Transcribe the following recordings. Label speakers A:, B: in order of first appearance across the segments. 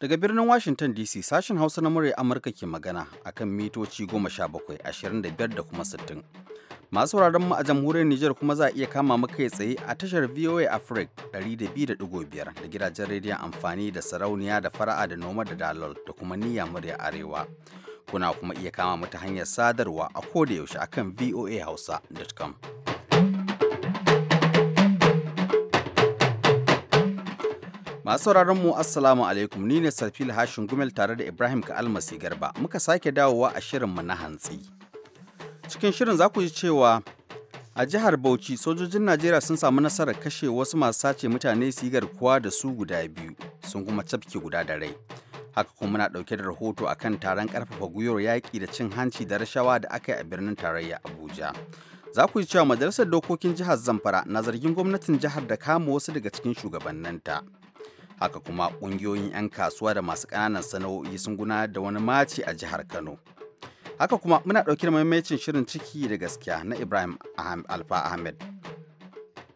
A: Daga birnin Washington DC sashen Hausa na murya Amurka ke magana a kan mitoci 17, 25 da kuma 60. Masu wuraren mu a jamhuriyar Nijar kuma za a iya kama mu kai tsaye a tashar VOA Africa 200.5 da biyu da da biyar gidajen rediyon amfani da sarauniya da fara'a da noma da dalol da kuma niyya murya arewa. Kuna kuma iya kama mu ta hanyar sadarwa a koda yaushe akan voahausa.com. Masu sauraron mu Assalamu alaikum ni ne Sarfil Hashin Gumel tare da Ibrahim Ka'almasi Garba muka sake dawowa a shirin mu na hantsi. Cikin shirin za ku ji cewa a jihar Bauchi sojojin Najeriya sun samu nasarar kashe wasu masu sace mutane su yi garkuwa da su guda biyu sun kuma cafke guda da rai. Haka kuma muna ɗauke da rahoto akan taron karfafa gwiwar yaƙi da cin hanci da rashawa da aka yi a birnin tarayya Abuja. za ku ji cewa majalisar dokokin jihar zamfara na zargin gwamnatin jihar da kama wasu daga cikin shugabanninta haka kuma ƙungiyoyin 'yan kasuwa da masu ƙananan sana'o'i sun gudanar da wani maci a jihar kano haka kuma muna ɗauki da maimacin shirin ciki da gaskiya na ibrahim alfa ahmed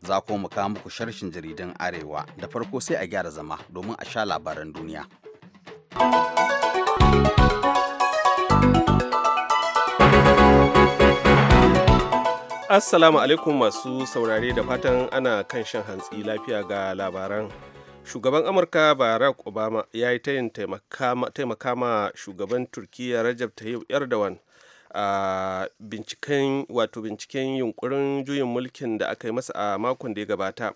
A: za kuma mu kawo muku sharshin jaridan arewa da farko sai a gyara zama domin a sha labaran duniya
B: assalamu alaikum masu saurare da fatan ana kan shan hantsi lafiya ga labaran shugaban amurka barack obama ya yi tayin taimaka ma shugaban turkiyya rajab tayyip erdogan a binciken wato binciken yunkurin juyin mulkin da aka yi masa a makon da ya gabata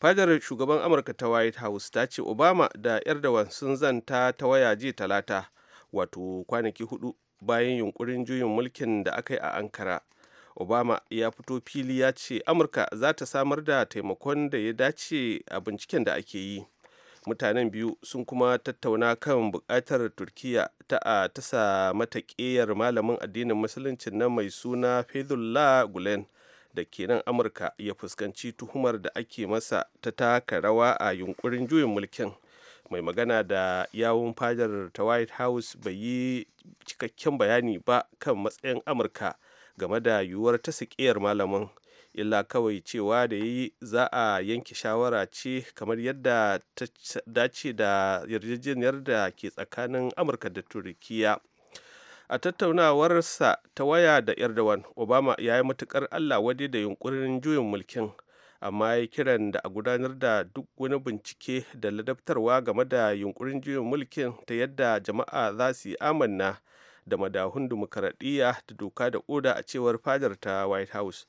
B: fadar shugaban amurka ta white house ta ce obama da erdogan sun zanta ta waya ji talata wato kwanaki hudu bayan yunkurin juyin mulkin da aka yi a ankara obama ya fito fili ya ce amurka za ta samar da taimakon da ya dace a binciken da ake yi mutanen biyu sun kuma tattauna kan bukatar turkiya ta a tasa mata ƙeyar malamin addinin musuluncin na mai suna fethullah gulen da ke nan amurka ya fuskanci tuhumar da ake masa ta taka rawa a yunkurin juyin mulkin mai magana da yawun fadar ta white house bai yi cikakken bayani ba kan matsayin amurka game da yiwuwar ta sikiyar malamin illa kawai cewa da yi za a yanke shawara ce kamar yadda ta dace da yarjejeniyar da ke tsakanin amurka da turkiya a tattaunawarsa ta waya da erdogan obama ya yi matukar allah wade da yunkurin juyin mulkin amma ya kiran da a gudanar da duk wani bincike da ladabtarwa game da yunkurin juyin mulkin ta yadda jama'a za su yi amanna da madahun dimokuraɗiyya da doka da oda a cewar fadar ta white house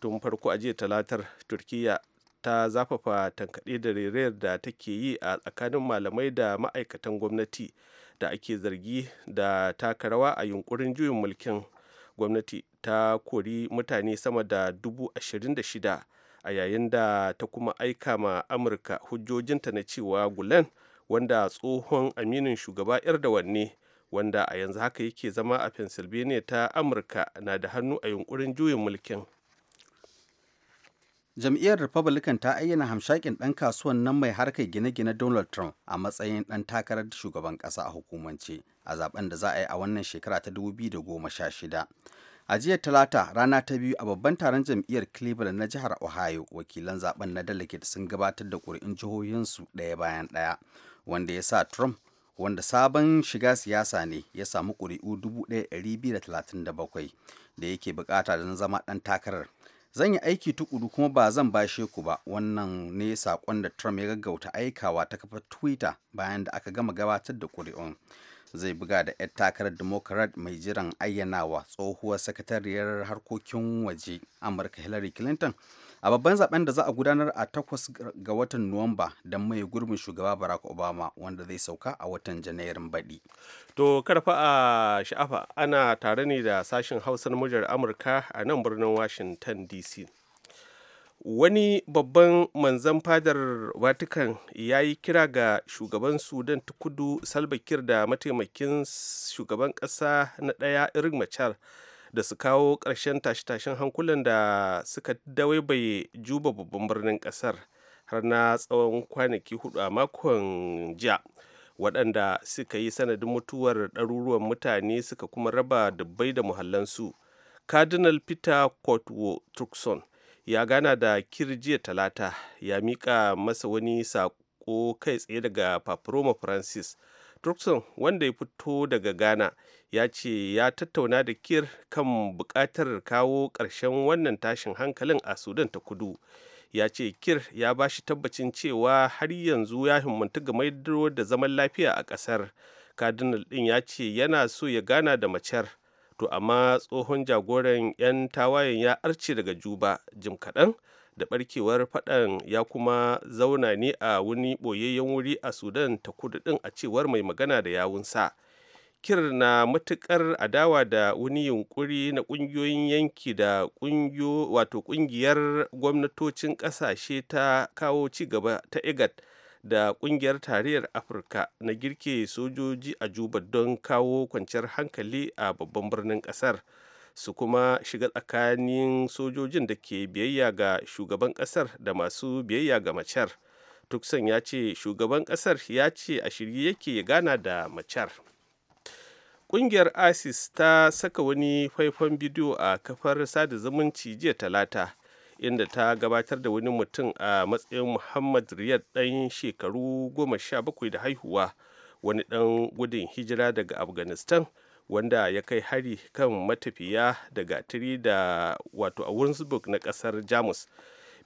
B: tun farko a jiya talatar turkiya ta zafafa tankaɗe da rairayar da take yi a tsakanin malamai da ma'aikatan gwamnati da ake zargi da taka rawa a yunkurin juyin mulkin gwamnati ta kori mutane sama da dubu ashirin da shida a yayin da ta kuma aika ma amurka hujjojinta na cewa gulen wanda tsohon aminin shugaba erdogan ne wanda a yanzu haka yake zama a pennsylvania ta amurka na da hannu a yunkurin juyin mulkin
A: jam'iyyar republican ta ayyana hamshakin ɗan kasuwan nan mai harkar gine-gine donald trump a matsayin ɗan takarar shugaban ƙasa a hukumance a zaben da za a yi a wannan shekara ta 2016 a jiya talata rana ta biyu a babban taron jam'iyyar cleveland na jihar ohio wakilan zaben na delegate sun gabatar da ƙuri'un jihohinsu ɗaya bayan ɗaya wanda ya sa trump wanda sabon shiga siyasa ne ya samu ƙuri'u 1237 da yake bukata don zama ɗan takarar zan yi aiki tukuru kuma ba zan bashe ku ba wannan ne saƙon da trump ya gaggauta aikawa ta kafar twitter bayan da aka gama gabatar da ƙuri'un zai buga da 'yar takarar democrat mai jiran ayyanawa tsohuwar sakatariyar harkokin waje amurka hillary clinton a babban zaben da za a gudanar a takwas ga watan nuwamba don mai gurbin shugaba barack obama wanda zai sauka a watan janairun baɗi
B: to karfa a sha'afa ana tare ne da sashen hausar mujar amurka a nan birnin washington dc wani babban manzan fadar vatican ya yi kira ga shugaban sudan ta kudu salbakir da mataimakin shugaban ƙasa na ɗaya irin machar da su kawo ƙarshen tashe-tashen hankulan da suka dawaibaye juba babban birnin ƙasar har na tsawon kwanaki hudu a makon jiya waɗanda suka yi sanadin mutuwar ɗaruruwan mutane suka kuma raba dubbai da muhallansu cardinal peter cotwo turkson ya gana da kirjiya talata ya miƙa masa wani saƙo kai tsaye daga paproma francis turkson wanda ya fito daga ghana ya ce ya tattauna da kir kan buƙatar kawo ƙarshen wannan tashin hankalin a sudan ta kudu ya ce kir ya ba shi tabbacin cewa har yanzu ya himmantu ga maidaro da zaman lafiya a ƙasar kadinal ɗin ya ce yana so ya gana da macer to amma tsohon jagoran 'yan tawayen ya arce daga juba jim kaɗan da barkewar fadan ya kuma zauna ne a wani boyayyen wuri a sudan ta kudu din a cewar mai magana da yawunsa kir na matukar adawa da wani yunkuri na kungiyoyin yanki da wato kungiyar gwamnatocin kasashe ta kawo ci gaba ta egad da kungiyar tarayyar afirka na girke sojoji a juba don kawo kwanciyar hankali a babban birnin kasar. su kuma shiga tsakanin sojojin da ke biyayya ga shugaban kasar da masu biyayya ga macar tuksan ya ce shugaban kasar ya ce a shirye yake ya gana da macar ƙungiyar isis ta saka wani faifan bidiyo a kafar sada zumunci jiya talata inda ta gabatar da wani mutum a matsayin muhammad riyad ɗan shekaru goma sha bakwai da haihuwa wani ɗan gudun hijira daga afghanistan wanda ya kai hari kan matafiya daga gatari da wato a Wurzburg na kasar Jamus.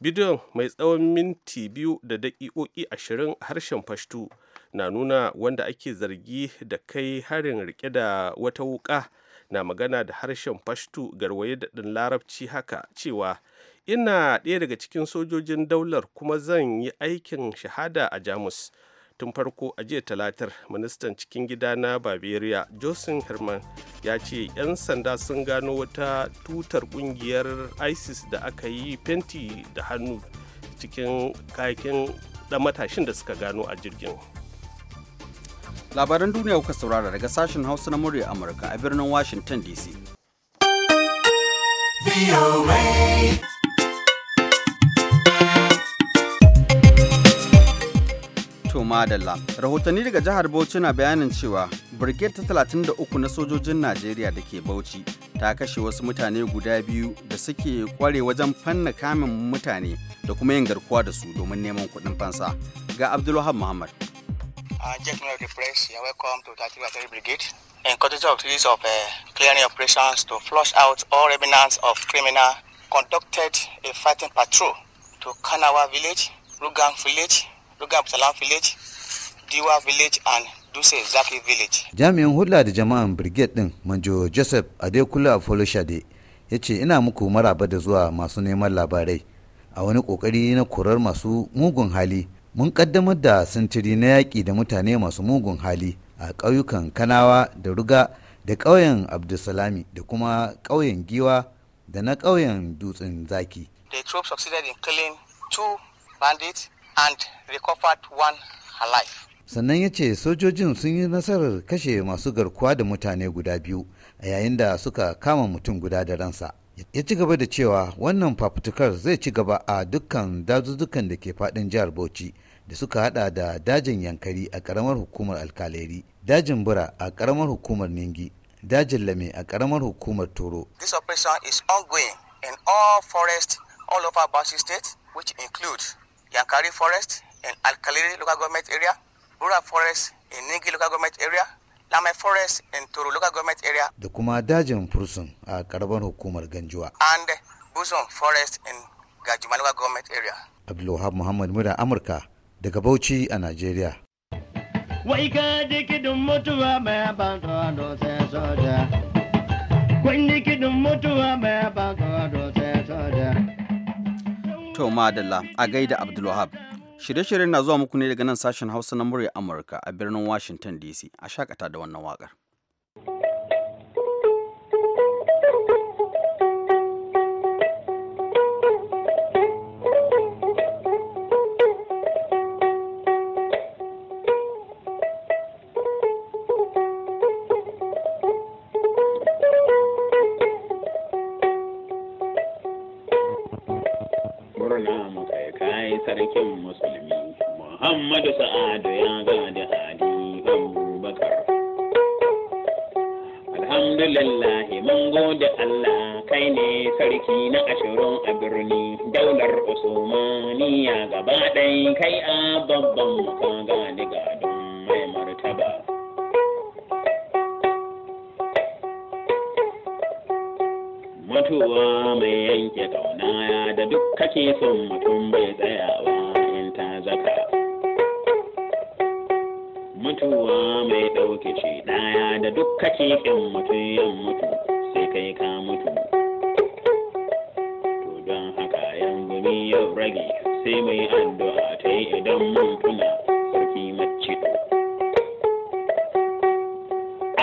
B: Bidiyon mai tsawon minti biyu da daƙiƙoƙi ashirin harshen fashtu na nuna wanda ake zargi da kai harin rike da wata wuƙa na magana da harshen fashtu garwaye da ɗin larabci haka cewa ina ɗaya daga cikin sojojin daular kuma zan yi aikin shahada a Jamus. tun farko a jiya talatar ministan cikin gida na bavaria josin herman ya ce 'yan sanda sun gano wata tutar kungiyar isis da aka yi fenti da hannu cikin kayakin dan matashin da suka gano a jirgin
A: labaran duniya kuka saurara daga sashen hausa na murya amurka a birnin washington dc To Madalla, rahotanni daga jihar Bauchi na bayanin cewa Brigade ta 33 na sojojin Najeriya da ke Bauchi ta kashe wasu mutane guda biyu da suke kware wajen fanna kamin mutane da kuma yin garkuwa da su domin neman kuɗin fansa. Ga Abdulwahab Muhammad.
C: Uh, Jack the Press, you welcome to 33 Brigade. In continuous of uh, clearing operations to flush out all remnants of criminal conducted
D: a fighting patrol to Kanawa village, Rugang village, Salam village, Diwa village and duse Zaki village.
E: Jami'in hula da jama'an Brigade din Manjo Joseph Adekula Folishade ya ce ina muku maraba da zuwa masu neman labarai a wani kokari na korar masu mugun hali mun kaddamar da sintiri na yaƙi da mutane masu mugun hali a ƙauyukan kanawa da ruga da ƙauyen abdulsalami da kuma ƙauyen giwa da na ƙauyen dutsen zaki.
A: The troops succeeded in killing two bandits and recovered one
E: alive. Sannan ya ce sojojin sun yi nasarar kashe masu garkuwa da mutane guda biyu a yayin da suka kama mutum guda da ransa. Ya ci gaba da cewa wannan fafutukar zai ci gaba a dukkan dazuzzukan da ke fadin jihar Bauchi da suka hada da dajin Yankari a karamar hukumar Alkaleri, dajin Bura a karamar hukumar Ningi, dajin Lame a karamar hukumar Toro. This operation is ongoing in all
A: forests all over Bauchi state which include Yankari Forest in Alkaliri local government area, Rural Forest in Ningi local government area, Lame Forest in Turu local
E: government area. Da kuma dajin Fursun a karban hukumar Ganjuwa. And
D: Buzon Forest
E: in Gajima local government area. Abdulwahab Muhammad Mura Amurka daga Bauchi a Najeriya.
C: Wai ka dikidin mutuwa mai ban tsoro sai soja. Kwai dikidin mutuwa mai ban tsoro sai soja.
A: To madalla a gaida Abdulwahab. Shirye-shiryen na zuwa muku ne daga nan sashen Hausa na murya Amurka a birnin Washington DC. A shakata da wannan wakar.
D: mutuwa mai ɗauke ce ɗaya da duk cikin mutum yan mutu sai kai ka mutu to
A: don haka yanzu ni ya rage sai mai addu'a ta yi idan mun tuna sarki mace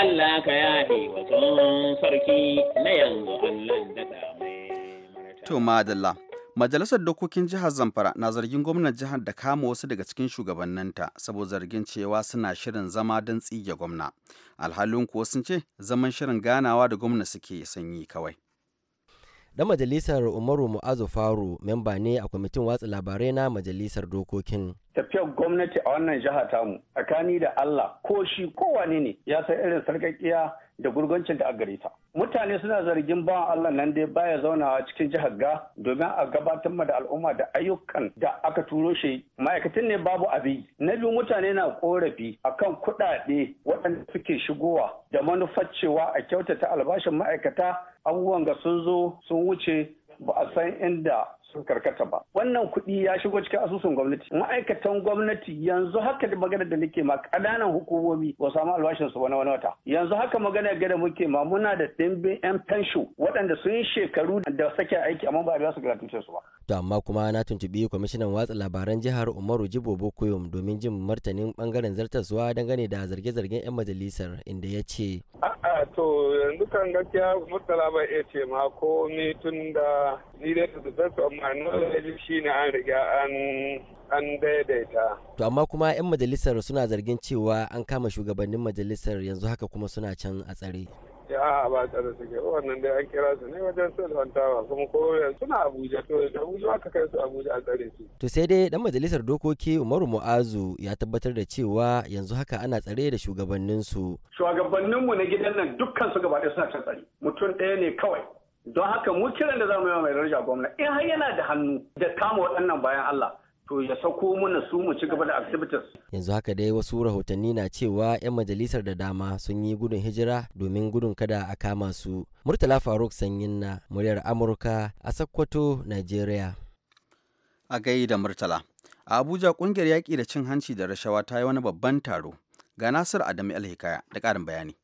F: Allah ka yaɗe wa sarki na yanzu Allah da mai
A: marata. To madalla. Majalisar Dokokin Jihar Zamfara na zargin gwamnan jihar da kama wasu daga cikin shugabanninta saboda zargin cewa suna shirin zama don tsige gwamna. Alhalin kuwa sun ce zaman shirin ganawa da gwamna suke sanyi kawai.
G: Dan majalisar Umaru Mu'azu Faru memba ne a kwamitin watsa labarai na majalisar dokokin.
D: Tafiyar gwamnati a wannan jiha tamu tsakani da Allah ko shi kowane ne ya san irin sarkakiya da gurgancin da gare ta. Mutane suna zargin bawan Allah nan dai baya zaunawa cikin jihar ga domin a gabatar ma da al'umma da ayyukan da aka turo shi ma'aikatan ne babu abi. Na biyu mutane na korafi akan kuɗaɗe waɗanda suke shigowa da manufar cewa a kyautata albashin ma'aikata abubuwan ga sun zo sun wuce ba a san inda sun karkata ba wannan kuɗi ya shigo cikin asusun gwamnati ma'aikatan gwamnati yanzu haka da magana da nake ma ƙananan hukumomi ba samu albashin su wani wani wata yanzu haka magana ga da muke ma muna da dimbin yan fensho waɗanda sun yi shekaru da sake aiki amma ba a biya su gratuitous ba
G: to amma kuma na tuntuɓi kwamishinan watsa labaran jihar Umaru Jibo Bokoyom domin jin martanin bangaren zartaswa dangane da zarge-zargen yan majalisar inda ya ce
D: to yanzu kan gaskiya murtala ba iya ce ma ko ni tun da ni dai da manuwar shi ne an riga an an daidaita.
G: To amma kuma 'yan majalisar suna zargin cewa an kama shugabannin majalisar yanzu haka kuma suna can a tsare.
D: Ya ba tsare suke wannan dai an kira su ne wajen sulhantawa kuma ko suna Abuja to da Abuja aka kai su Abuja a tsare su.
G: To sai dai dan majalisar dokoki Umaru Mu'azu ya tabbatar da cewa yanzu haka ana tsare da shugabanninsu.
D: Shugabanninmu na gidan nan dukkan su gaba ɗaya suna can tsare mutum ɗaya ne kawai don haka mu kiran da zamu yi mai daraja gwamna in har yana da hannu da kama waɗannan bayan Allah to ya sako mana su mu ci gaba da activities
G: yanzu haka dai wasu rahotanni na cewa 'yan majalisar da dama sun yi gudun hijira domin gudun kada a kama su murtala faruk sanyin na muryar amurka a Sokoto,
A: nigeria a gai murtala a abuja kungiyar yaƙi da cin hanci da rashawa ta yi wani babban taro ga nasir Adamu alhikaya da ƙarin bayani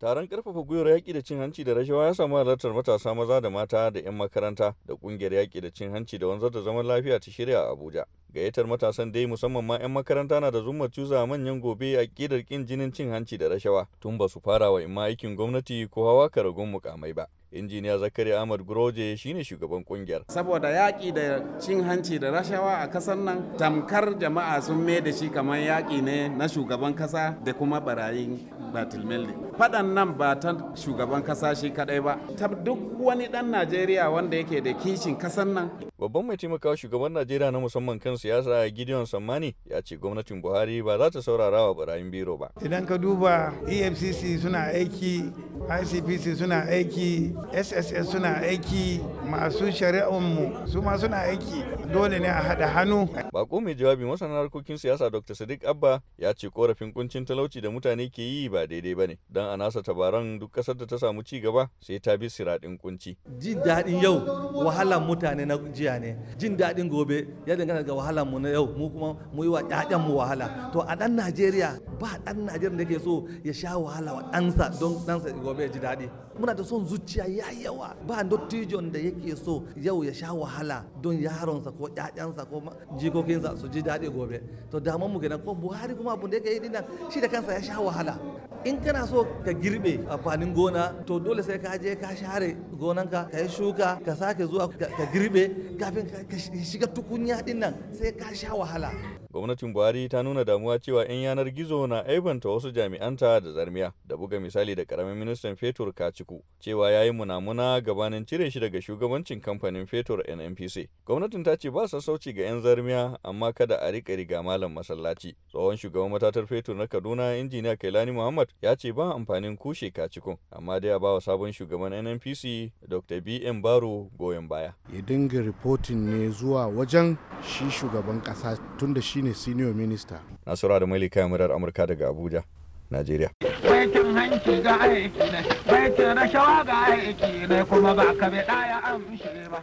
H: Taron karfafa gwiwar yaƙi da cin hanci da rashawa ya samu halartar matasa maza da mata da 'yan makaranta da ƙungiyar yaƙi da cin hanci da wanzar da zaman lafiya ta shirya a Abuja. Gayyatar matasan dai musamman ma 'yan makaranta na da zumma cuza manyan gobe a ƙidar ƙin jinin cin hanci da rashawa tun ba su fara wa imma aikin gwamnati ko hawa karagun mukamai ba. injiniya zakari ahmad guroje shine shugaban kungiyar
F: saboda yaƙi da cin hanci da rashawa a kasar nan tamkar jama'a sun mai da shi kamar yaƙi ne na shugaban kasa da kuma barayin batilmeli. faɗan nan
H: ba ta shugaban kasa shi kadai ba ta duk wani dan najeriya wanda yake da kishin kasar nan babban mai taimakawa shugaban najeriya na musamman kan siyasa gideon sammani ya ce gwamnatin buhari ba za ta saurara wa barayin biro ba
D: idan ka duba efcc suna aiki icpc suna aiki sss suna aiki masu shari'unmu su ma suna aiki dole ne a haɗa hannu
H: bako mai jawabi masana harkokin siyasa dr sadiq abba ya ce korafin kuncin talauci da mutane ke yi ba daidai ba ne don a nasa tabaran duk ƙasar da ta samu ci gaba sai ta bi siraɗin kunci jin daɗin yau
B: wahalan mutane na jiya ne jin daɗin gobe ya dangana ga wahalan mu na yau mu kuma mu yi wa ƴaƴan mu wahala to a ɗan najeriya ba ɗan najeriya da ke so ya sha wahala wa ɗansa don ɗansa gobe ya ji daɗi muna da son zuciya ya yawa ba dottijon da yake so yau ya sha wahala don yaronsa ko ƴaƴansa ko jikokinsa su ji daɗi gobe to mu kenan ko buhari kuma abin da yake yi dinnan shi da kansa ya sha wahala in kana so ka girbe amfanin gona to dole sai ka je ka share gonanka ka yi shuka ka sake zuwa ka girbe kafin ka shiga tukunya din nan sai ka sha wahala
H: gwamnatin buhari ta nuna damuwa cewa 'yan yanar gizo na aibanta wasu jami'anta da zarmiya da buga misali da karamin ministan fetur kaciku cewa ya yi munamuna gabanin cire shi daga shugabancin kamfanin fetur nnpc gwamnatin ta ce ba sassauci ga 'yan zarmiya amma kada a riƙa riga malam masallaci tsohon shugaban matatar fetur na kaduna injiniya kailani muhammad ya ce ba amfanin kushe kacikon amma dai ya ba wa sabon shugaban nnpc dr bm baro goyon baya ya
F: dinga ripotin ne zuwa wajen shi shugaban kasa tun da shine senior minister
H: nasura da malika murar amurka daga abuja Najeriya. Baitin hanci ga aiki
F: ne,
D: baitin
H: rashawa ga aiki ne kuma ba ka bai ɗaya
F: an ba.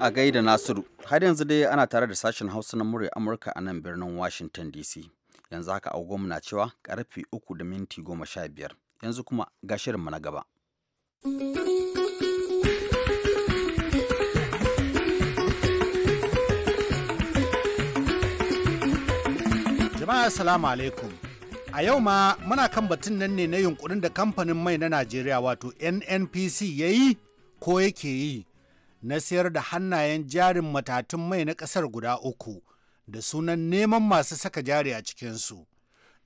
A: A gaida Nasiru, har yanzu dai ana tare da sashen Hausa na murya Amurka a nan birnin Washington DC. yanzu haka agogon na cewa karfe uku da minti goma sha biyar yanzu kuma ga shirinmu na gaba.
F: Jama'a salamu alaikum. A yau ma muna kan batun nan ne na yunkurin da kamfanin mai na Najeriya wato NNPC ya yi ko yake yi na sayar da hannayen jarin matatun mai na kasar guda uku da sunan neman masu saka jari a cikinsu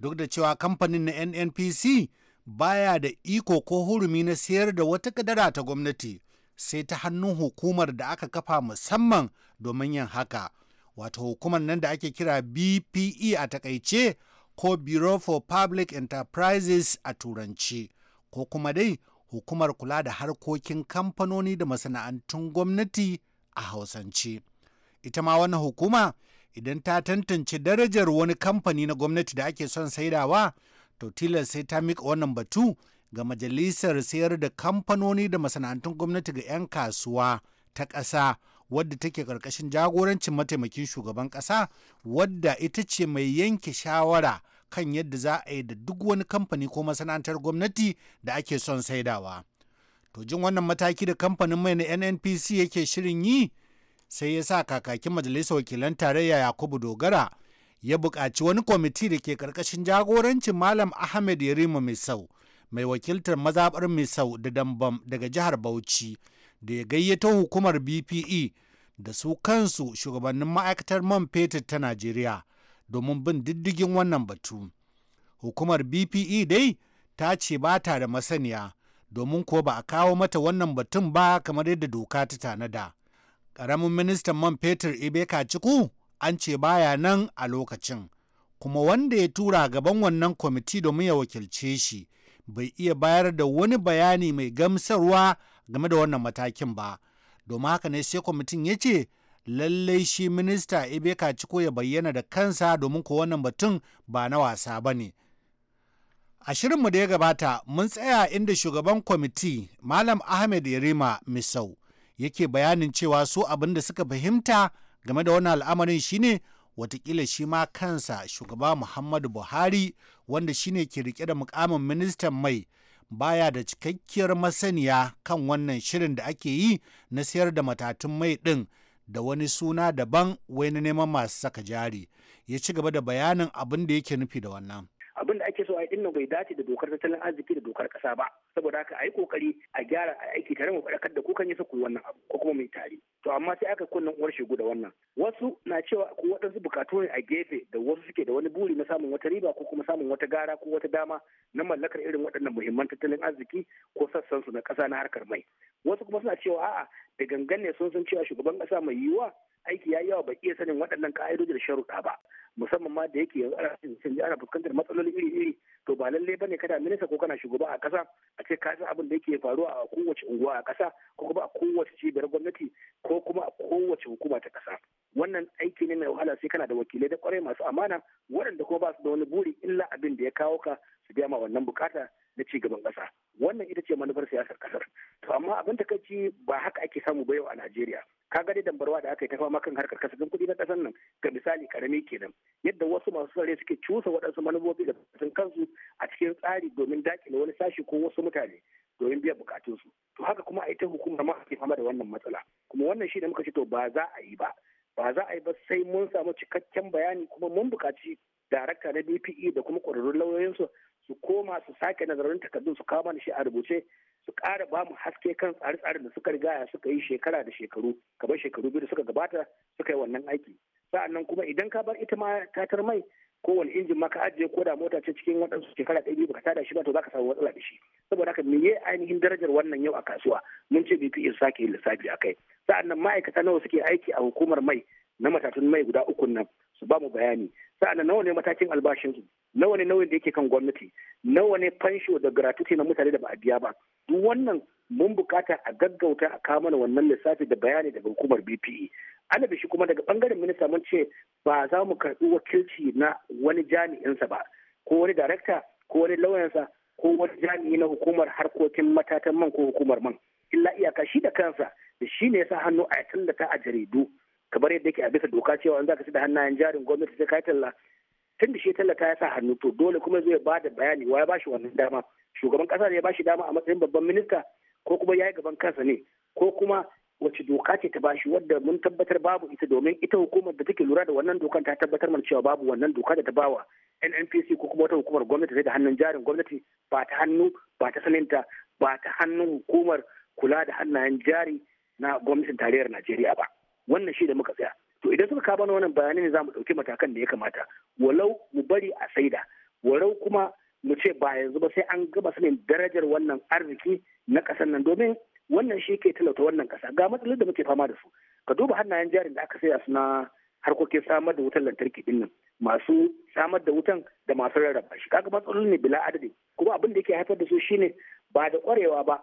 F: duk da cewa kamfanin na nnpc baya da iko ko hurumi na sayar da wata kadara ta gwamnati sai ta hannun hukumar da aka kafa musamman domin yin haka wato hukumar nan da ake kira bpe a takaice ko bureau for public enterprises a turanci ko kuma dai hukumar kula da harkokin kamfanoni da masana'antun gwamnati a hausance ita ma wannan hukuma idan ta tantance darajar wani kamfani na gwamnati da ake son saidawa to tilas sai ta mika wannan batu ga majalisar sayar da kamfanoni da masana'antun gwamnati ga 'yan kasuwa ta ƙasa wadda take ƙarƙashin jagorancin mataimakin shugaban ƙasa wadda ita ce mai yanke shawara kan yadda za a yi da duk wani kamfani ko masana'antar gwamnati da ake son saidawa. To jin wannan mataki da kamfanin mai na NNPC yake shirin yi sai ya sa kakakin majalisar wakilan tarayya yakubu dogara ya buƙaci wani kwamiti da ke ƙarƙashin jagorancin malam ahmed yarima misau mai wakiltar mazaɓar misau da dambam daga jihar bauchi da ya gayyato hukumar bpe da su kansu shugabannin ma'aikatar man fetur ta najeriya domin bin diddigin wannan batu hukumar bpe dai ta ce ba ta da masaniya domin ko ba a kawo mata wannan batun ba kamar yadda doka ta tanada. ƙaramin ministan man fetur Ibeka Ciku an ce baya nan a lokacin, kuma wanda ya tura gaban wannan kwamiti domin ya wakilce shi bai iya bayar da wani bayani mai gamsarwa game da wannan matakin ba, domin haka ne sai kwamitin ya ce lallai shi minista Ibeka Ciku ya bayyana da kansa domin ko wannan batun ba na wasa ba ne. A shirinmu da ya gabata mun tsaya inda shugaban kwamiti Malam Ahmed Yarima Misau yake bayanin cewa su abin da suka fahimta game da wani al'amarin shine watakila shi ma kansa shugaba muhammadu buhari wanda shine ke rike da mukamin ministan mai baya da cikakkiyar masaniya kan wannan shirin da ake yi na sayar da matatun mai ɗin da wani suna daban wai na neman masu saka jari ya ci gaba da bayanin abin da yake nufi da wannan
I: DIY din nan bai dace da dokar tattalin arziki da dokar kasa ba saboda haka a yi kokari a gyara a aiki tare mu faɗakar da kukan yasa ku wannan abu ko kuma mai tare to amma sai aka kunnan uwar shigo da wannan wasu na cewa ko waɗansu bukatu ne a gefe da wasu suke da wani buri na samun wata riba ko kuma samun wata gara ko wata dama na mallakar irin waɗannan muhimman tattalin arziki ko sassansu na ƙasa na harkar mai wasu kuma suna cewa a'a da gangan ne sun san cewa shugaban kasa mai yiwuwa aiki ya yawa ba iya sanin waɗannan ka'idojin sharuɗa ba musamman ma da yake yanzu ana fuskantar matsaloli iri-iri to ba lallai bane kada minista ko kana shugaba a kasa a ce kasa abin da yake faruwa a kowace unguwa a kasa ko kuma a kowace cibiyar gwamnati ko kuma a kowace hukuma ta kasa wannan aiki ne mai wahala sai kana da wakilai da kwarai masu amana waɗanda kuma ba su da wani buri illa abin da ya kawo ka su biya ma wannan bukata na cigaban kasa wannan ita ce manufar siyasar kasar to amma abin da kai ba haka ake samu ba yau a Najeriya ka ga dai dambarwa da aka yi ta fama kan harkar kasafin kuɗi na ƙasar nan ga misali karami kenan yadda wasu masu sare suke cusa waɗansu manufofi da sun kansu a cikin tsari domin dakile wani sashi ko wasu mutane domin biyan bukatunsu to haka kuma a ita hukumar ma ake fama da wannan matsala kuma wannan shi da muka ce to ba za a yi ba ba za a yi ba sai mun samu cikakken bayani kuma mun buƙaci darakta na DPE da kuma ƙwararrun lauyoyinsu su koma su sake nazarin takardun su kama shi a rubuce su kara ba mu haske kan tsare-tsaren da suka rigaya suka yi shekara da shekaru kamar shekaru biyu da suka gabata suka yi wannan aiki sa'annan kuma idan ka bar ita ma tatar mai ko wani injin ma ka ajiye ko da mota ce cikin waɗansu shekara ɗaya biyu baka tada shi ba to zaka samu matsala da shi saboda haka me ye ainihin darajar wannan yau a kasuwa mun ce su sake yin lissafi a kai sa'annan ma'aikata nawa suke aiki a hukumar mai na matatun mai guda ukun nan su ba mu bayani sa'annan nawa ne matakin albashinsu nawa ne nauyin da yake kan gwamnati nawa ne fansho da gratuity na mutane da ba a biya ba duk wannan mun bukata a gaggauta a kawo mana wannan lissafi da bayani daga hukumar BPE alabi shi kuma daga bangaren minista mun ce ba za mu karbi wakilci na wani jami'insa ba ko wani darakta ko wani lauyansa ko wani jami'i na hukumar harkokin matatan man ko hukumar man illa iyaka shi da kansa da shi ne ya sa hannu a tallata a jaridu kamar yadda yake a bisa doka cewa an zaka ci da hannayen jarin gwamnati sai kai talla tun da shi tallata ya sa hannu to dole kuma zai ba da bayani wa ya bashi wannan dama shugaban kasa ne ya bashi dama a matsayin babban minista ko kuma ya yi gaban kansa ne ko kuma wace doka ce ta bashi wadda mun tabbatar babu ita domin ita hukumar da take lura da wannan dokan ta tabbatar mana cewa babu wannan doka da ta bawa NNPC ko kuma wata hukumar gwamnati sai da hannun jarin gwamnati ba ta hannu ba ta saninta ba ta hannun hukumar kula da hannayen jari na gwamnatin tarayyar Najeriya ba. wannan shi da muka tsaya to idan suka kawo mana wannan bayanai ne za mu ɗauki matakan da ya kamata walau mu bari a saida walau kuma mu ce ba yanzu ba sai an gaba sanin darajar wannan arziki na ƙasar nan domin wannan shi ke talauta wannan ƙasa ga matsalolin da muke fama da su ka duba hannayen jarin da aka saya su na harkokin samar da wutar lantarki din nan masu samar da wutan da masu rarraba shi kaga matsaloli ne bila adadi kuma abin da yake haifar da su shine ba da ƙwarewa ba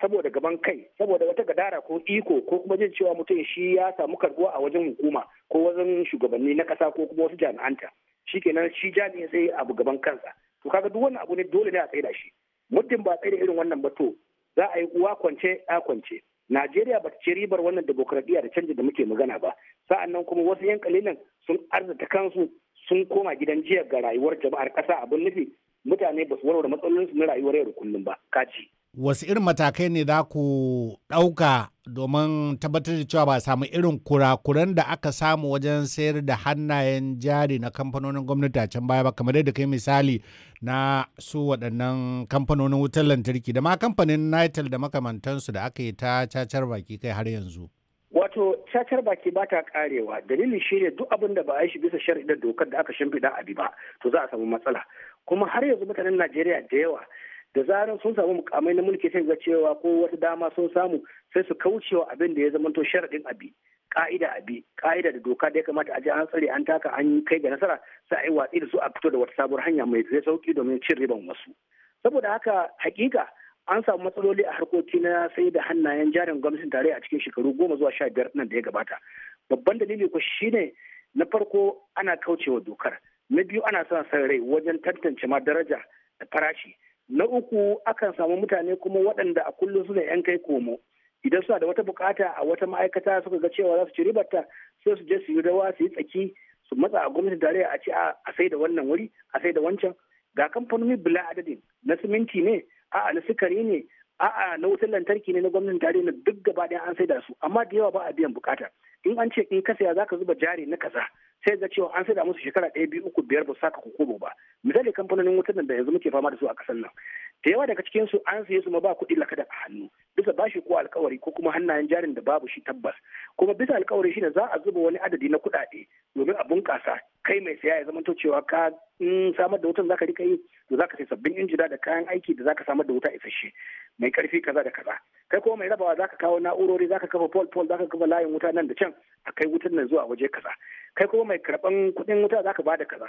I: saboda gaban kai saboda wata gadara ko iko ko kuma jin cewa mutum shi ya samu karbuwa a wajen hukuma ko wajen shugabanni na kasa ko kuma wasu jami'anta shikenan shi jami'in sai abu gaban kansa to kaga duk wannan abu ne dole ne a tsaida shi muddin ba da irin wannan ba to za a yi uwa kwance a kwance Najeriya ba ta ci ribar wannan demokradiyya da canji da muke magana ba sa'an nan kuma wasu 'yan kalilan sun arzata kansu sun koma gidan jiya ga rayuwar jama'ar kasa abin nufi mutane ba su warware matsalolinsu na rayuwar yau da kullum ba kaci
F: wasu irin matakai ne za ku ɗauka domin tabbatar da cewa ba samu irin kurakuran da aka samu wajen sayar da hannayen jari na kamfanonin gwamnati a can baya ba kamar yadda kai misali na su waɗannan kamfanonin wutar lantarki da ma kamfanin nitel da makamantansu da aka yi ta cacar baki kai har yanzu.
I: wato cacar baki ba ta karewa dalilin shine duk abin da ba a yi shi bisa shari'ar dokar da aka shimfiɗa abi ba to za a samu matsala kuma har yanzu mutanen najeriya da yawa da zarar sun samu mukamai na mulki sai ga cewa ko wata dama sun samu sai su kaucewa abin da ya zamanto sharaɗin abi ka'ida abi ka'ida da doka da ya kamata a ji an tsare an taka an kai ga nasara sai a yi watsi da su a fito da wata sabuwar hanya mai zai sauki domin cin riban wasu saboda haka hakika an samu matsaloli a harkoki na sai da hannayen jarin gwamnatin tare a cikin shekaru goma zuwa sha biyar nan da ya gabata babban dalili ko shine na farko ana kaucewa dokar na biyu ana son san rai wajen tantance ma daraja da farashi na uku akan samu mutane kuma waɗanda a kullum suna yan kai komo idan suna da wata bukata a wata ma'aikata suka ga cewa za su ci ribarta sai su je su yi rawa su yi tsaki su matsa a gwamnatin tarayya a ce a sai da wannan wuri a sai da wancan ga kamfanoni bila adadin na siminti ne a na sukari ne a'a na wutar lantarki ne na gwamnatin na duk gaba ɗaya an sai da su amma da yawa ba a biyan bukata in an ce in ka saya zaka zuba jari na kaza sai ga cewa an sai da musu shekara ɗaya biyu uku biyar ba su saka kokobo ba misali kamfanonin wutar da yanzu muke fama da su a ƙasar nan da yawa daga cikin su an saye su ma ba kuɗi lakadan a hannu bisa ba shi ko alkawari ko kuma hannayen jarin da babu shi tabbas kuma bisa alkawari shine za a zuba wani adadi na kuɗaɗe domin a bunƙasa kai mai saya ya zamanto cewa ka samar da wutan zaka rika yi to zaka sai sabbin injina da kayan aiki da zaka samar da wuta isasshe mai karfi kaza da kaza kai ko mai za ka kawo na'urori za ka kafa pol pol ka kafa layin wuta nan da can a kai wutar nan zuwa waje kaza kai kuma mai karban kuɗin wuta ba bada kaza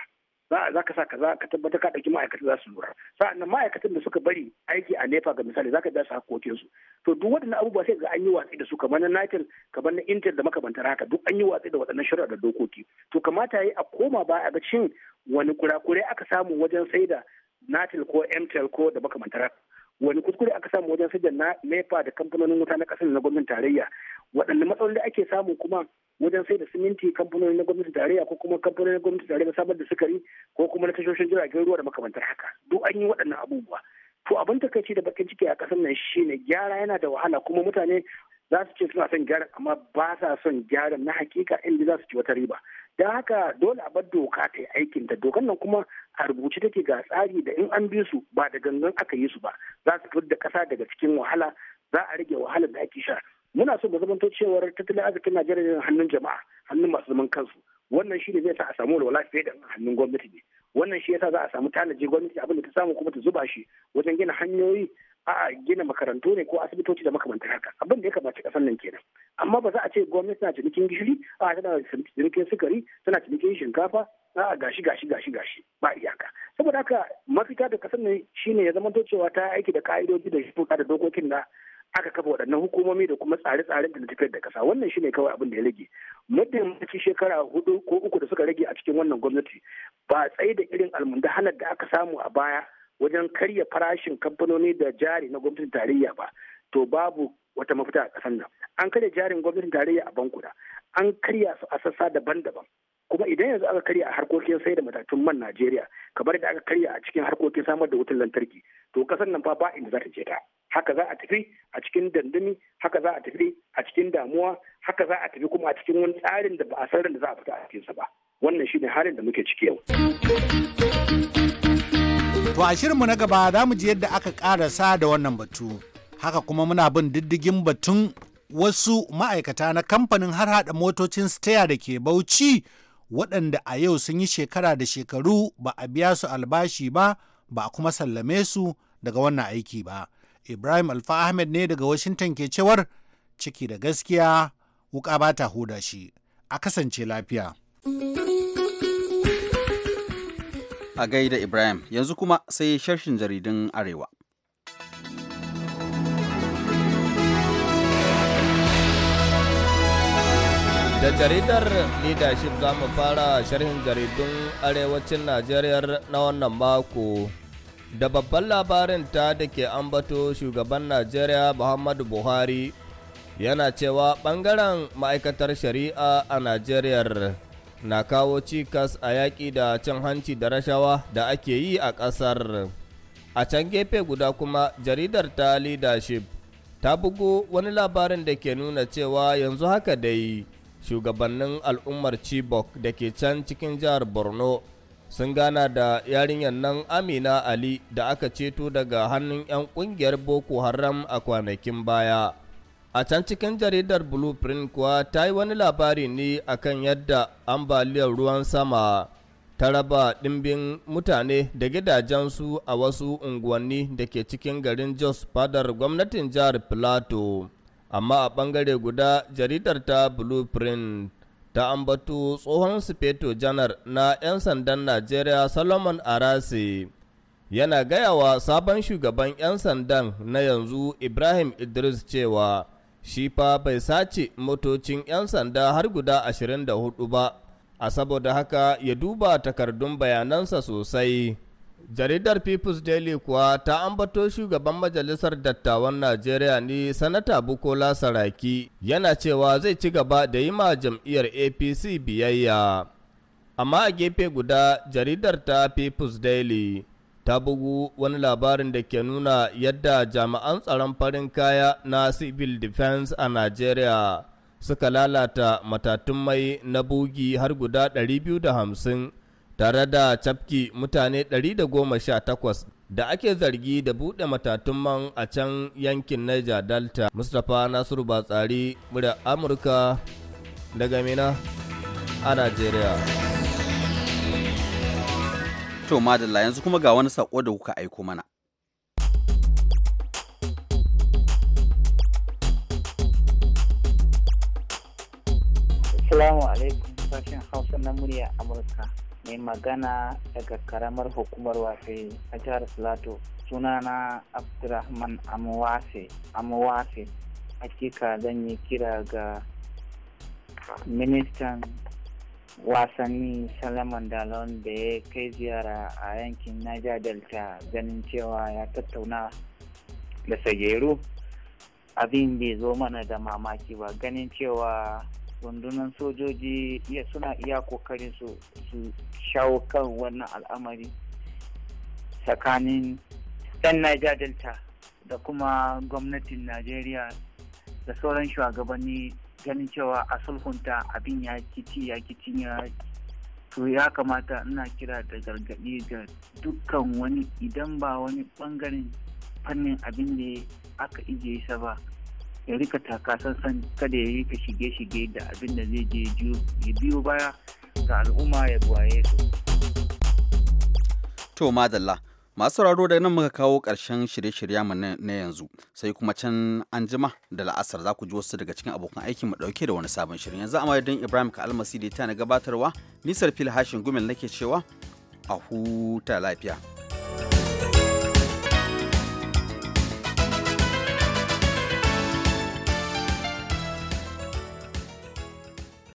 I: za za ka sa kaza ka tabbatar ka ɗauki ma'aikata za su lura sa'annan ma'aikatan da suka bari aiki a nefa ga misali za ka da su hakokin su to duk waɗannan abubuwa sai ga an yi watsi da su kamar na nitel kamar na intel da makamantar haka duk an yi watsi da waɗannan shirya da dokoki to kamata ya yi a koma ba a ga cin wani kurakurai aka samu wajen saida natal ko mtel ko da makamantar haka wani kuskure aka samu wajen sai da nepa da kamfanonin wuta na kasar na gwamnatin tarayya waɗanne matsaloli ake samu kuma wajen sai da siminti kamfanonin na gwamnatin tarayya ko kuma kamfanonin na gwamnatin tarayya na samar da sukari ko kuma na tashoshin jiragen ruwa da makamantar haka duk an yi waɗannan abubuwa to abin takaici da bakin ciki a kasar nan shi ne gyara yana da wahala kuma mutane za su ce suna son gyaran amma ba sa son gyaran na hakika inda za su ci wata riba don haka dole a bar doka ta yi aikin ta dokan nan kuma a rubuce take ga tsari da in an bi su ba da gangan aka yi su ba za su fitar da kasa daga cikin wahala za a rage wahalar da ake sha muna so mu zamanto cewar tattalin arzikin najeriya hannun jama'a hannun masu zaman kansu wannan shi ne zai sa a samu walwala fiye da hannun gwamnati ne wannan shi yasa za a samu tanaji gwamnati abin da ta samu kuma ta zuba shi wajen gina hanyoyi a gina makarantu ne ko asibitoci da makamantar haka abin da ya kamata kasar nan kenan amma ba za a ce gwamnati tana cinikin gishiri a tana cinikin sukari tana cinikin shinkafa a gashi gashi gashi gashi ba iyaka saboda haka mafita da kasar nan shine ya zama cewa ta aiki da ka'idoji da shuka da dokokin da aka kafa waɗannan hukumomi da kuma tsare-tsaren da tafiyar da kasa wannan shine kawai abin da ya rage muddin ci shekara hudu ko uku da suka rage a cikin wannan gwamnati ba tsaye da irin almundahanar da aka samu a baya wajen karya farashin kamfanoni da jari na gwamnatin tarayya ba to babu wata mafita a ƙasar nan an karya jarin gwamnatin tarayya a bankuna an karya su a sassa daban-daban kuma idan yanzu aka karya a harkokin sai da matatun man Najeriya kamar da aka karya a cikin harkokin samar da wutar lantarki to kasar nan fa ba inda za ta je ta haka za a tafi a cikin dandami haka za a tafi a cikin damuwa haka za a tafi kuma a cikin wani tsarin da ba a san da za a fita a cikinsa ba wannan shine halin da muke ciki yau
F: To a shirinmu na gaba za mu ji yadda aka karasa da wannan batu. Haka kuma muna bin diddigin batun wasu ma'aikata na kamfanin har hada motocin steya da ke Bauchi waɗanda a yau sun yi shekara da shekaru ba a biya su albashi ba ba a kuma sallame su daga wannan aiki ba. Ibrahim Alfa Ahmed ne daga Washington ke cewar ciki da gaskiya wuka ba ta huda shi. A kasance lafiya.
A: A gaida Ibrahim, yanzu kuma sai sharshin jaridun Arewa.
C: da jaridar leadership za mu fara sharhin jaridun arewacin najeriya na wannan mako da babban labarin ta da ke ambato shugaban najeriya muhammadu buhari yana cewa ɓangaren ma'aikatar shari'a a najeriya na kawo cikas a yaƙi da cin hanci da rashawa da ake yi a ƙasar. A can gefe guda kuma jaridar ta leadership ta bugu wani labarin da ke nuna cewa yanzu haka dai shugabannin al'ummar Chibok da ke can cikin jihar Borno sun gana da yarinyar nan Amina Ali da aka ceto daga hannun 'yan kungiyar Boko Haram a kwanakin baya. A can cikin jaridar Blueprint kuwa ta yi wani labari ne akan yadda ambaliyar ruwan sama ta raba ɗimbin mutane da gidajensu a wasu unguwanni da ke cikin garin Jos fadar gwamnatin jihar Filato. Amma a ɓangare guda jaridar ta Blueprint ta ambato tsohon sufeto janar na 'yan sandan Najeriya Solomon Arase. Yana gayawa sabon shugaban 'yan sandan na yanzu Ibrahim Idris cewa shi fa bai sace motocin 'yan sanda har guda 24 ba, a saboda haka ya duba takardun bayanansa sosai. Jaridar People's Daily kuwa ta ambato shugaban Majalisar Dattawan Najeriya ne Sanata Bukola Saraki yana cewa zai ci gaba da yi ma jam'iyyar APC biyayya. Amma a gefe guda jaridar ta People's Daily ta bugu wani labarin da ke nuna yadda jami'an tsaron farin kaya na civil defense a Najeriya suka lalata matatun mai na bugi har guda 250 tare da cafki mutane 118 da ake zargi da buɗe matatun man a can yankin Niger Delta. Mustapha Nasiru Batsari, murya Amurka daga Mina a Najeriya.
A: To madalla yanzu kuma ga wani sako da kuka aiko mana.
J: salamu alaikum sashen Hausa na murya Amurka. Mai magana daga karamar hukumar wafe a jihar Filato. Sunana Abdurrahman Amuwase Amuwase Hakika zan yi kira ga ministan wasanni salaman dalon da ya kai ziyara a yankin naja delta ganin cewa ya tattauna da sageru abin bai zo mana da mamaki ba ganin cewa rundunan sojoji iya suna iya kokarin su su shawo kan wannan al'amari tsakanin yan niger delta da kuma gwamnatin najeriya da sauran shugabanni ganin cewa a sulhunta abin ya kici ya kici ya to ya kamata ina kira da gargaɗi ga dukkan wani idan ba wani bangaren fannin abin da aka ije sa ba ya rika takasansan kada ya rika shige-shige da abin da zai je ya biyo baya ga al'umma ya buwaye su.
A: To madalla Masu sauraro da nan muka kawo ƙarshen shirye mu na yanzu sai kuma can an jima da la'asar za ku ji wasu daga cikin abokan aikin mu ɗauke da wani sabon shirin yanzu a madadin Ibrahim ka almasi da ta na gabatarwa nisar fil hashin gumel nake cewa a huta lafiya.